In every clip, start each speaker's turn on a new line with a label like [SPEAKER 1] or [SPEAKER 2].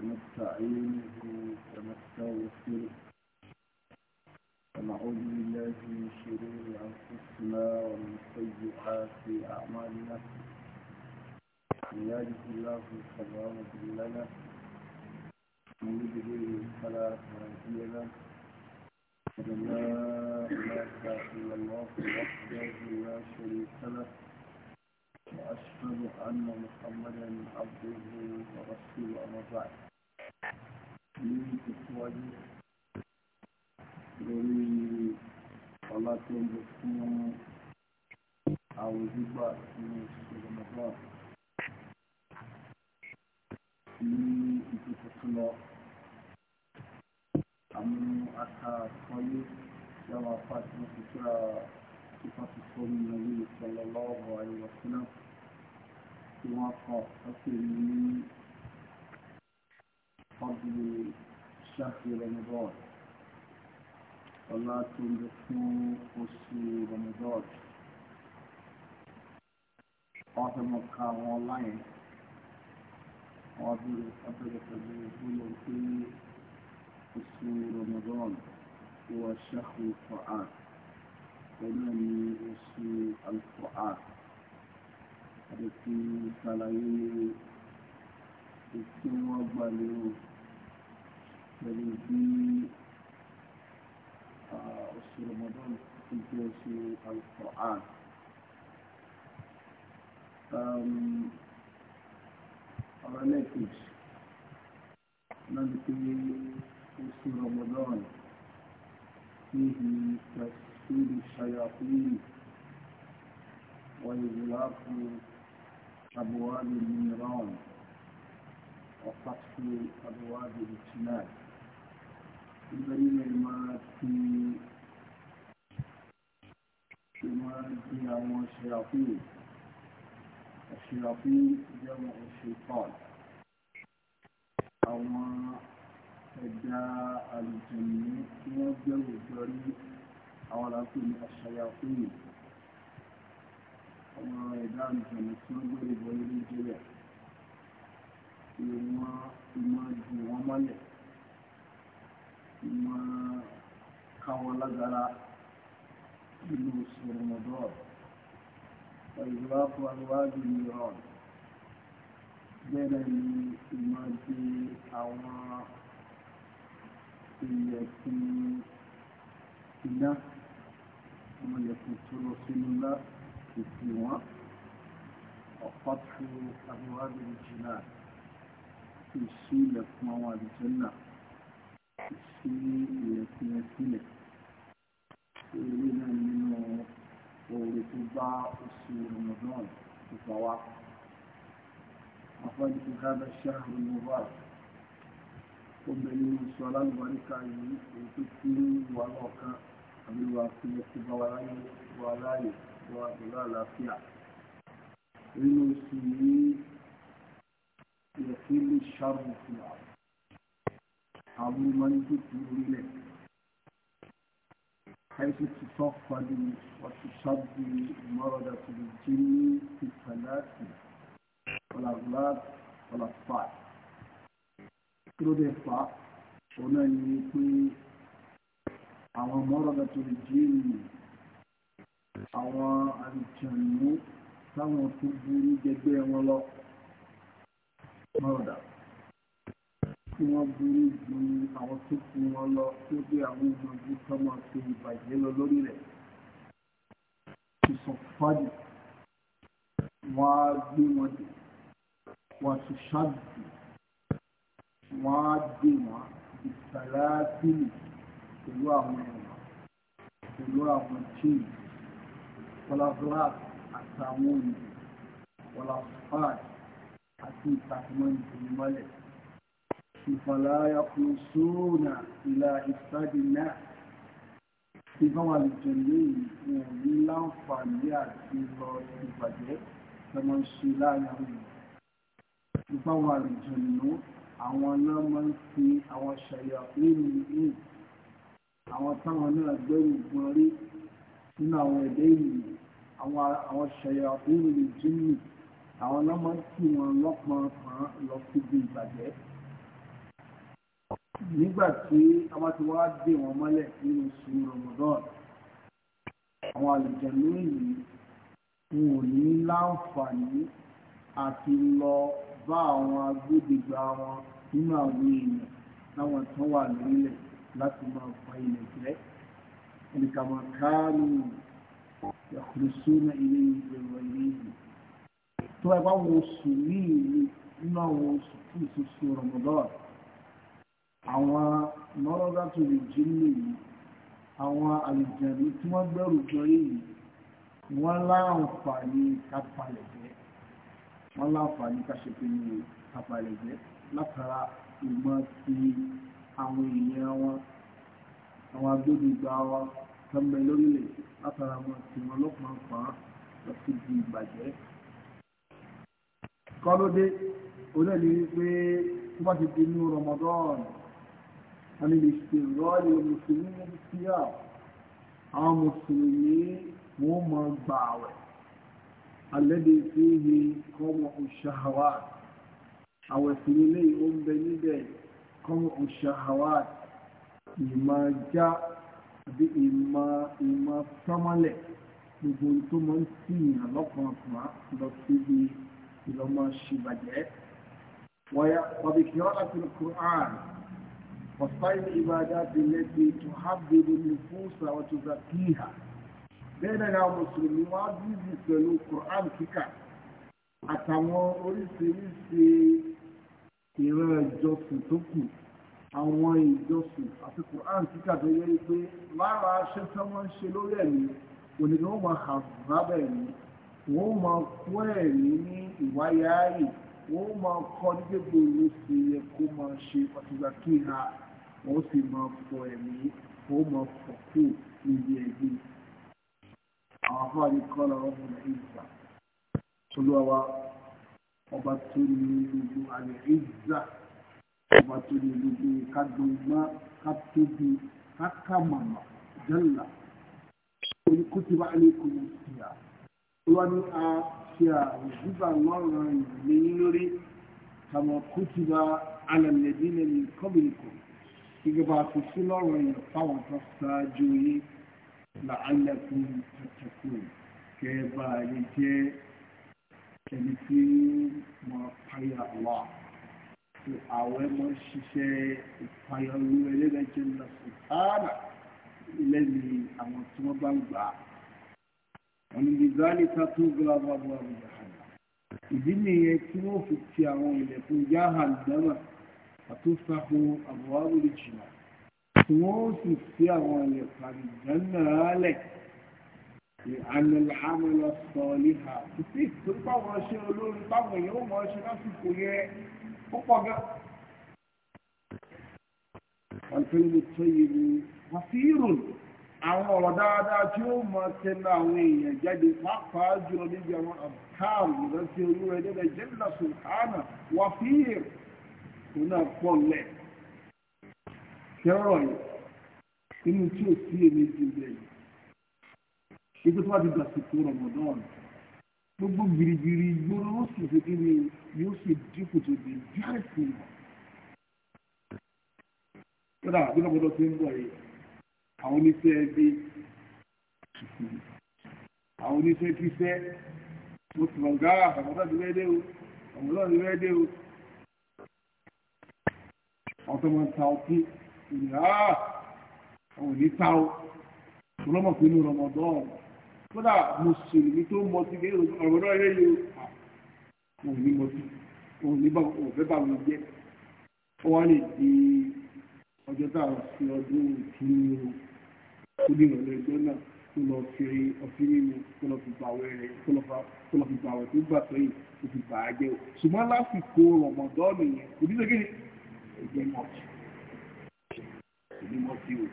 [SPEAKER 1] ونستعينه ونستغفره ونعوذ بالله من شرور أنفسنا ومن سيئات أعمالنا من يهده الله فلا مضل لنا ومن يضلل فلا هادي له أشهد لا إله إلا الله وحده لا شريك له وأشهد أن محمدا عبده ورسوله أما بعد ní ìtẹ̀síwájú lórí ọlá tó ń bọ̀ fún àwọn gbígbà tí ìṣẹ̀lẹ̀ náà ní ìtẹ̀síwájú tó lọ àmú àtàkọ́lé tí àwọn afá tí wọ́n ti kíra ìfàtí fún ìnáwó ìṣẹ̀lẹ̀ lọ́wọ́ àyẹ̀wò sílẹ̀ tí wọ́n kọ́ ọ́ sí ní قبل شهر رمضان صلاة الدخول قصر رمضان قاتم القاوة لين قابل قبل قبل قبل قبل قصر رمضان هو شهر القرآن ومن يصير القرآن التي تلايين tí wọ́n gbà lérò pẹ̀lú bí oṣù Ramadan ti jẹ́ oṣù Al-Qur'an. ọ̀rọ̀ lẹ́kẹ̀ẹ́jì náà ti pé oṣù Ramadan فيه تكسير الشياطين وإغلاق أبواب النيران وفتح أبواب الاجتماع البريد المراد في المراد هي الشياطين الشياطين جمع الشيطان أو ẹ̀dá àlùjẹ̀mí tí wọ́n bẹ̀rù jọrí àwọn aláàpò ní àṣàyàfóyè àwọn ẹ̀dá àlùjẹ̀mí tí wọ́n bẹ̀rù jọrí lójú rẹ̀ ìmọ̀ ìmọ̀ jù wọ́n mọ́lẹ̀ ìmọ̀ káwọn lágara ìlú sọ̀rọ̀mọ̀dọ́ ìgbàkú aláwájú ní ọ̀rọ̀ bẹ́ẹ̀ ni ìmọ̀ jù àwọn ìyẹ̀kùn iná àwọn ìyẹ̀kùn tó lọ sínú ńlá ìpì wọn ọ̀pọ̀ tó aláwájú jìnnà ìṣí ilẹ̀kùn àwọn àdìjẹ́nà ìṣí ilẹ̀kùn ẹ̀sílẹ̀ eré náà nínú oore tó bá oṣù Ramadan tó bá wá àfọ́jú káàdà ṣáàrù Mubarak obìnrin ní oṣù alálùbáríkà yìí èyí tó kí wà lọ́ọ̀kan àbí wà kí ẹkùn bá wà láyé wà láyé wà láàlàáfíà nínú oṣù yìí yẹ̀kílì ṣàrù في الأرض، ọmọ ìjọ tó rílẹ̀ حيث تتفقد وتصب مردة الجن في الثلاث والأغلاب والأطفال كل دفع هنا يكون أو مردة الجن أو الجن كما تبني ولو mọ́ọ̀dà tí wọ́n burú ju àwọn tó kú wọn lọ tó bí àwọn ọmọdé tó máa ṣe ìbàjẹ́ lọ lórí rẹ̀ ìsọ̀fàdì wọ́n á gbé wọn dé wọ́n á tún ṣáàdì wọ́n á dé wọn ìsàlátìlì pẹ̀lú àwọn ẹ̀wọ̀n pẹ̀lú àwọn chains wọ́n àtàwọn òyìnbó wọ́n àti ìtàkùnmọ́ ìtòmí mọ́lẹ̀ ìfàlàyà kò sóòrà ìlà ìsáàdì náà ti bá wà lùjọ lóyìn wọn ní láǹfààní àti lọ ìbàjẹ́ lọ́mọ ṣe láàrin àwọn èèyàn ìbá wà lùjọ lóyìn àwọn náà máa ń fi àwọn ṣàyà lẹ́nu ní àwọn táwọn náà gbẹ́rù gbọ́n rí nínú àwọn ẹ̀dẹ́ ìlú àwọn ṣàyà lẹ́nu ní jùmọ̀ àwọn ọmọ tí wọn lọ́pọ̀n kan lọ síbi ìbàjẹ́ nígbà tí a bá ti wá dé wọn mọ́lẹ̀ nínú oṣù Ramadan àwọn àlùjẹ̀mú yìí wọn ò ní láǹfààní àti lọ bá àwọn agbódegbà wọn nínú àwọn èèyàn táwọn tán wà lórílẹ̀ láti máa fa ilẹ̀ jẹ́ ẹnìkan máa káàánú yàtọ̀ ilé ìgbèrò ilé ìgbèrò tó bá bá wọn oṣù yìí nínú àwọn oṣù tí ìṣoṣù rọmọdọ́ọ̀ àwọn mọ́rọ́dá tó lè jí nìyí àwọn àlùjẹ̀rí tí wọ́n gbẹ́rù jọ yìí wọ́n láǹfààní kápalẹ̀ jẹ́ wọ́n láǹfààní káṣepinnu kápalẹ̀ jẹ́ látara ìmọ̀ ti àwọn èèyàn wọn àwọn agbódegbà wa tẹ́mbẹ̀ lórílẹ̀ látara wọn tí wọ́n lọ́pàá pa lọ ìbàjẹ́ kọ́ ló dé olóòlì wípé tó bá ti di inú Ramadan àmì lè ṣe ìrọ́lẹ̀ mùsùlùmí síyà àwọn mùsùlùmí wọ́n mọ̀ gbà wẹ̀ alẹ́dẹ̀ sí ibi kọ́mọ òṣàwà àwẹ̀ sí ilé ó ń níbẹ̀ kọ́mọ òṣàwà ìmọ̀ já àbí ìmọ̀ ìmọ̀ sọ́mọ́lẹ̀ gbogbo tó mọ̀ ń sìn ìrànlọ́kọ̀ọ̀kan lọ síbi ìlọ́mọ ṣìbàjẹ́ وبكرة القرآن وصيد العبادات التي تحبب النفوس وتزكيها bẹ́ẹ̀nà mùsùlùmí wá bíbí pẹ̀lú quran kíkà àtàwọn oríṣiríṣi ìran ìjọsìn tó kù àwọn ìjọsìn àti quran kíkà tó yẹ pé lára ṣe tí wọ́n ń ṣe lórí ẹ̀mí òní ni wọ́n máa hàn lábẹ́ ẹ̀mí wọ́n máa kó ẹ̀rí ní ìwáyáàyè wọ́n máa kọ́ ní gbogbo ló ṣe yẹ kó máa ṣe ọ̀tìgbàkíra wọ́n sì máa fọ ẹ̀mí wọ́n máa fọ̀ kú níbi ẹ̀gbẹ́ àwọn afáàní kọ́ lọ́wọ́ fún ìgbà olúwa ọba tó ní gbogbo àlẹ́ ìgbà ọba tó ní gbogbo kágbọ́ngbá kátóbi kákàmàmà jẹ́là oníkútìbá ẹlẹ́kùnrin wọ́n ní a ṣe àìsíbà lọ́rọ̀ ìlú lórí kàmọ̀ kútìbà alẹ́lẹ́dí lẹ́nu kọ́bìnìkò ìgbà àtúnṣe lọ́rọ̀ ìyẹn fáwọn tó ṣáájú yìí làálẹ́kùn tẹ̀tẹ̀kù kẹ́ẹ̀bà yìí jẹ́ ẹni tí wọ́n páyà wà tí àwẹ́ mọ́ ṣiṣẹ́ ìpayọ̀ olú ẹlẹ́dẹ̀jẹ̀ lọ́sùn tààrà lẹ́nu àwọn tí wọ́n bá gbà á ọ̀nìyàn tó gbọ́dọ̀ bá bọ́ àbúrò ìdí nìyẹn tí wọ́n fi ti àwọn ilẹ̀kùn yáhà lẹ́wà àtúnṣàkó àbúrò àbúrò jìnnà tí wọ́n sì fi àwọn ilẹ̀kùn àbìjánná rálẹ̀ àmìlàmìlà sọ̀ọ́lì hà títí tó báwọn ṣe olórí báwọn èèyàn ó mọ̀ ṣe lásìkò yẹn ó pọ̀ gan. wọ́n tẹ́lẹ̀ tó yẹ ní wàfíìrùn àwọn ọ̀rọ̀ dáadáa tí ó mọ̀ tẹ́lá àwọn èèyàn jáde pàápàá jùlọ níbi àwọn àbúkàrù ìrántí olúwa ẹ̀dẹ́gbẹ̀ jẹ́lá sultana wà fíìr tó náà pọ̀ lẹ̀ kẹrọ yìí inú tí ò sí èmi jù bẹ́ẹ̀ yìí ibi tó wà ti gbàsìkò rọmọdán gbogbo gbìrìgbìrì yóò ló sì fi kí ni yóò sì dínkù tó di díẹ̀ sí i. kódà bí lọ́mọdé ti ń bọ̀ yìí àwọn oníṣẹ́ ẹbí àwọn oníṣẹ́ kíṣẹ́ mo ti mọ̀ gáà àbọ̀tá ti rẹ́dẹ́ o ọ̀mọ̀lọ́ ti rẹ́dẹ́ o ọ̀tọ̀mọ̀ ta ọtí ìyá àwọn òní ta o ọlọ́mọ̀ pé inú rọmọdán kódà mo ṣèlérí tó mọtí ní ọ̀rọ̀mọdán yẹ́ yìí o òní mọtí òní bá òfẹ́ bá mi jẹ́ wọ́n lè di ọjọ́ tá a fi ọdún ìtúnu ó dé ìrọ̀lẹ́ ẹjọ́ náà kó lọ fi ọtí mímu kó lọ fi gbàwẹ̀ rẹ̀ kó lọ fi gbàwẹ̀ tó gbà sẹ́yìn kó fi bà á jẹ́ o ṣùgbọ́n lásìkò rọ̀mọ̀dọ́ọ̀nù yẹn kò ní sẹ́kẹ́ ẹgbẹ́ mọ́tì ẹgbẹ́ mọ́tì o.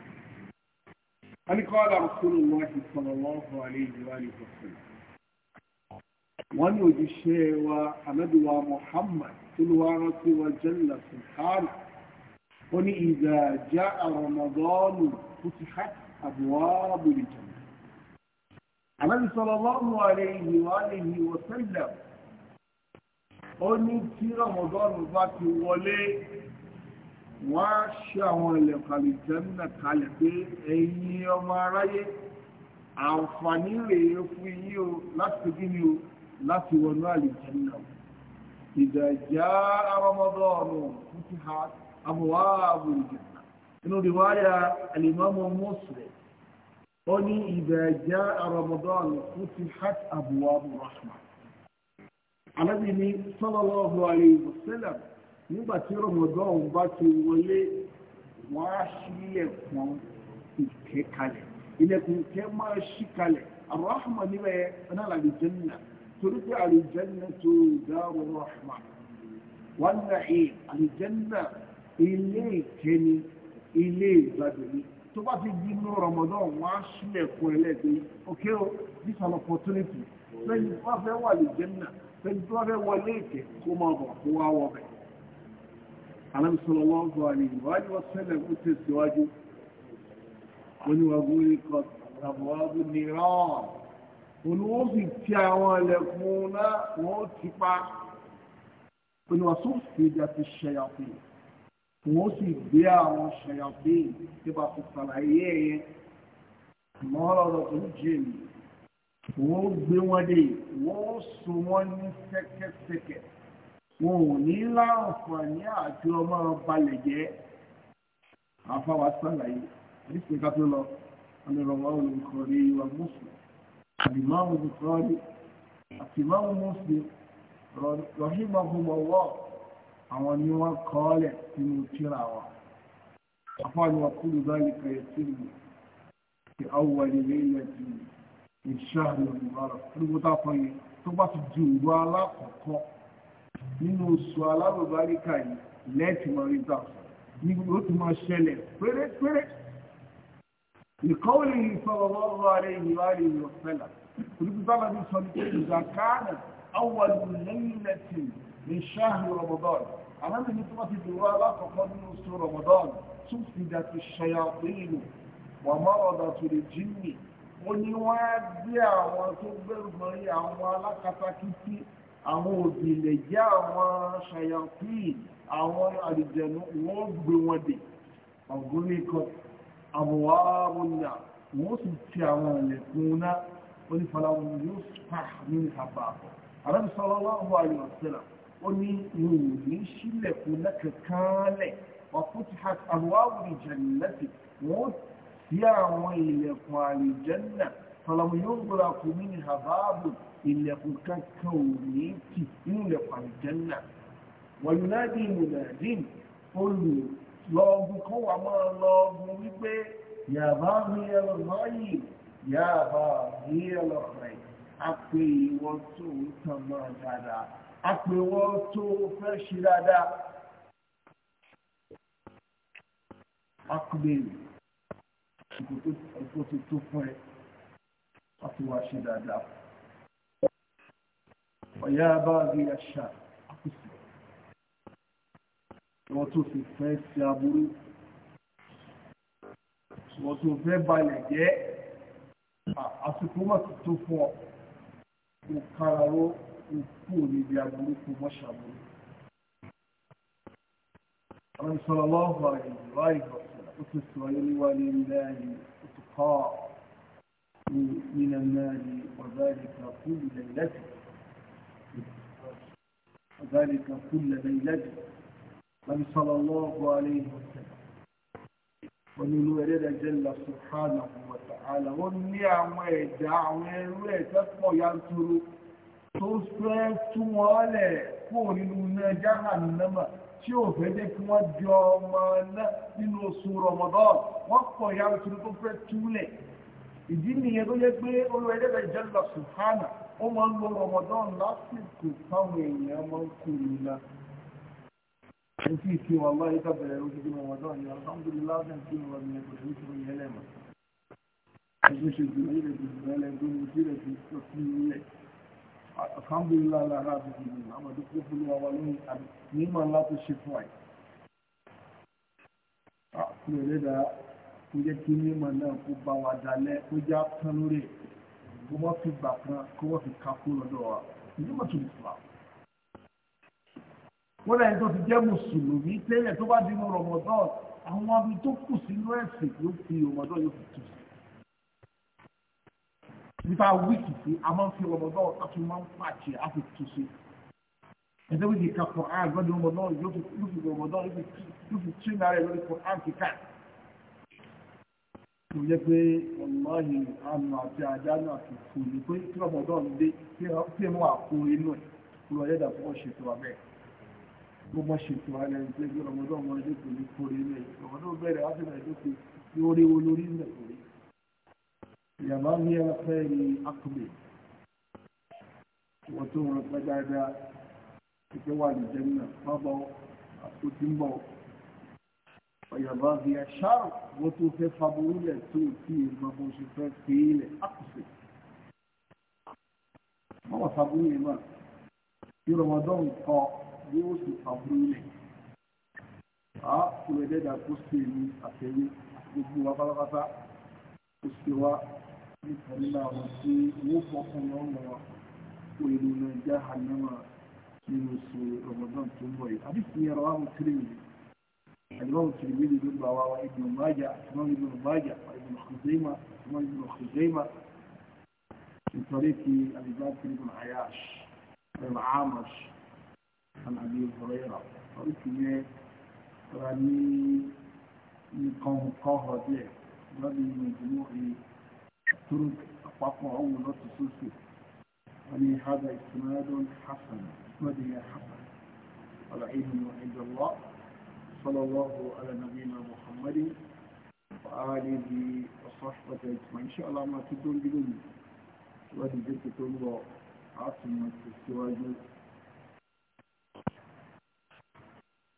[SPEAKER 1] wọ́n ní kọ́ ọ́dà kúrò lọ́wọ́ ti sọ̀rọ̀ lọ́wọ́ àlẹ́ ìjọba ní ìfọ̀sẹ̀. wọ́n ní òjíṣẹ́ wa anábìwa Muhammad tó ló wá rántí wa jẹ́lá sùnkárù wọ́n ní ìgbà já àrọ̀mọ̀dọ́ọ̀nù fúti hàtì àbúwáàbò ìjọ Ànábì sallallahu alayhi wa alihi wa sallam ó ní tí rọmọdọ́nù bá ti wọlé wọ́n á ṣe àwọn ilẹ̀kùn àlìjẹ́nà kalẹ̀ pé ẹ̀yin ọmọ aráyé àǹfààní rèé fún yín o láti gíní o láti wọnú àlìjẹ́nà ìdá ìjà rọmọdọ́nù fún ti ha àbúwáàbò ìjọ inú rí wáyà al-Imam Muslim ó ní ìbẹ̀ jẹ́ Ramadan futihat abwabu rahma alábì ní sallallahu alayhi wa sallam nígbà tí Ramadan bá ti wọlé wọ́n á sílẹ̀kùn ìkẹ́ kalẹ̀ ilẹ̀kùn kẹ́ máa ṣí kalẹ̀ arahama níbẹ̀ ọ̀nà àlùjẹ́nà torí pé àlùjẹ́nà tó dáàrú rahma wọ́n náà ilé ìkẹ́ni ilé ìgbàdùn tó bá ti di inú Ramadan wọ́n á sílẹ̀ fún ẹlẹ́gbẹ́ òkè o this an opportunity lẹ́yìn tó bá fẹ́ wà lè jẹ́ nà lẹ́yìn tó bá fẹ́ wọlé ìkẹ́ kó máa bọ̀ kó wá wọ bẹ̀. Ànábì sallallahu alaihi wa sallam ó tẹ̀síwájú wọ́n ní wàá gúrí kọ́ àbúwábù nìran olùwọ́n sì ti àwọn ẹlẹ́kùn náà wọ́n ti pa. Olùwàsó fèdè àti ṣẹ̀yà fèdè wọ́n sì gbé àwọn ṣàyàpé nípa ṣàlàyé ẹ̀yẹ mọ́lọ́rọ̀ tó jẹ́ mi wọ́n gbé wọn dé wọ́n so wọ́n ní ṣẹ́kẹ́ṣẹkẹ̀ wọn ò ní láǹfààní àti ọmọ balẹ̀ jẹ́ àfáwà ṣàlàyé àdìsí ká tó lọ ọlọ́rọ̀wọ́ olùkọ́rí wa mùsùlùm àdìmáwò olùkọ́rí àtìmáwò mùsùlùm rọ̀hìmọ̀ ọ̀hún ọ̀wọ́ àwọn ni wọ́n kọ́ọ́lẹ̀ nínú tíra wa afọ́lù ọkùnrin báyìí kẹrẹ tí ìlú ti awọlé lẹ́yìn ti ìṣàlù ìmọ̀ràn olùkọ́tà fọyín tó bá ti di òru alákọ̀ọ́kọ́ nínú oṣù alábàbáríkà yìí lẹ́ẹ̀tì mọ̀rí ta ní ó ti máa ṣẹlẹ̀ pérépéré ìkọ́wé ìfọwọ́wọ́ rẹ̀ ìwádìí ìwọ̀fẹ́lá olùkọ́tà bá sọ ní pé ìgbà káàdà awọlé lẹ́yìn lẹ́tì ní ṣáàhì rọmọdọ́n àwọn ènìyàn tó bá ti dùn wá alákọ̀ọ́kọ́ nínú oṣù rọmọdọ́n tún fi dàtí ṣọya pínlù wà má ọ̀dà tó lè jí mi ó ní wọ́n á gbé àwọn tó gbẹ̀rù mọ́rí àwọn alákatakítí àwọn òbí lè jẹ́ àwọn ṣọya pín àwọn àlìjẹ̀nu wọ́n gbé wọn dè ọ̀gbọ́n ikọ̀ àbùwá wọnyà wọ́n sì ti àwọn ẹ̀lẹ́kùn náà onífàlàwọ̀ yóò sùpà ní ìhàbà àbọ̀ àrẹ́bìsọ̀rọ̀ wọ́n wà yóò sílẹ̀ ó ní mi ò ní sílẹ̀kùn lẹ́kẹ̀kánlẹ̀ ọ̀pọ̀tí àwọ̀ ìjẹ̀lẹ́tì wọ́n sí àwọn ilẹ̀kùn àlìjẹ́nà fọlọ́mù yóò gbọ́ra kù mí ní àbáàbò ilẹ̀kùn kankan ò ní tì nínú ilẹ̀kùn àlìjẹ́nà wọ́n yóò náà dín ìmùnàdín olùlọ́ọ̀gùn kan wà máa lọ́ọ̀gùn wípé yàbá mi ẹlọ lọ́yì yàbá mi ẹlọ rẹ̀ á pé ìwọ́n tó ń tàn máa dáadáa apèwọ́ tó fẹ́ ṣe dáadáa akúbèrè ìkó tó tó fún ẹ láti wá ṣe dáadáa ọ̀yá bá rí àṣà àkùsì wọ́n tó fi fẹ́ sí aburú wọ́n tó fẹ́ balẹ̀ jẹ́ àsìkò mọ̀ tó fún ọ kò kára ró kú níbi aburú fún mọ́ṣàbúrú. Àwọn sọ̀rọ̀ lọ́wọ́ ìwà ìgbọ̀sẹ̀ ó ti sọ ayélujára ní ilé ayé ó kọ́ من المال وذلك كل ليلة وذلك كل ليلة من صلى الله عليه وسلم olùlúwẹ̀rẹ́ rẹ̀ jẹ́ lọ subhanahu wa ta'ala wọ́n ní àwọn ẹ̀dá àwọn ẹrú ẹ̀ tẹ́pọ̀ yanturu tó fẹ́ tú wọn lẹ̀ kó nínú náà jáhà nínámà tí ò fẹ́ jẹ́ kí wọ́n jọ ọmọ náà nínú oṣù Ramadan wọ́n pọ̀ ya oṣù tó fẹ́ túlẹ̀ ìdí nìyẹn tó yẹ pé olú ẹlẹ́bẹ̀ jẹ́lọ sùhánà ó máa ń lo Ramadan lásìkò táwọn èèyàn máa ń kú nínú ẹtí ìfi wọn lọ yíká bẹ̀rẹ̀ ojúdí Ramadan ni alhamdulillah náà kí wọn ní ẹgbẹ̀rẹ̀ ní ìṣòro yẹn lẹ́mọ̀ alhamdulillah lára àbúrò ìlú àwọn àdúgbò fún wa wà lóyún àbí nímọ̀ ńlá tó ṣe fún àyè. àkùrẹ̀ lẹ́dà kó jẹ́ kí nímọ̀ náà kó bá wa dalẹ̀ kó já tán lórí kó wọ́n fi gbà kan kó wọ́n fi ká kó lọ́dọ̀ wa nímọ̀ tó lè fà. wọ́n lẹ́yìn tó ti jẹ́ mùsùlùmí tẹ́lẹ̀ tó bá dínú rọ̀mọ̀dọ́ọ̀ àwọn abí tó kù sínú ẹ̀sìn ló fi rọ̀mọ̀dọ́ọ̀ yóò fi tù sí nípa wíìkì sí a máa ń fi ọmọdé ọ̀tá tó máa ń pàṣẹ á fi tu sí ẹsẹ wíìkì ka Quran gbọ́dọ̀ ọmọdé yóò fi ọmọdé yóò fi tún náà rẹ lórí Quran kíkà tó yẹ pé ọlọ́ọ̀yì àmì àti àdánù àti fún mi pé kí ọmọdé ọ̀hún dé kí ẹ mú àpò inú ẹ̀ kí wọ́n yẹ́dà fún ọ̀ṣẹ̀tò abẹ́ bó mọ̀ ṣètò ara ẹni pé kí ọmọdé ọmọdé kò ní kórè inú ẹ̀ ọmọdé bẹ̀rẹ̀ á bẹ̀rẹ̀ lókè yóò rí wo lórí ilẹ̀ يا من هي الخير أقبل وتورط بدادا بجوال الجنة مضوا أسكت مضوا ويا باغي الشر وتوفي قبولة توفي المبوشفات فيه أقصد ما هو قبولة ما في رمضان قا يوسف قبولة أقول لدى قصة من أسيري أسكت مضوا nípa nípa àwọn tí wọ́n fọkàn wọn mọ́ òyìnbó náà já ànámà nínú oṣù Ramadan tó ń bọ̀ yìí àbí kì í yẹra wàhùn tìrìmì àdìbáwò tìrìmì ló ló gbà wá wa Ibn Majah àtìmọ́ Ibn Majah Ibn Khuzaimah àtìmọ́ Ibn Khuzaimah nítorí kí àdìbáwò Ibn Ayash Ibn Amash عن أبي هريرة فأتي رمي قوم قهر به رمي مجموع ترك أطلقها ولا تسلسل يعني هذا إسناد حسن إسناده حسن العلم عند الله صلى الله على نبينا محمد وآله وصحبه أجمعين إن شاء الله ما تدون بدون وهذه جدة الله عاصمة السواجل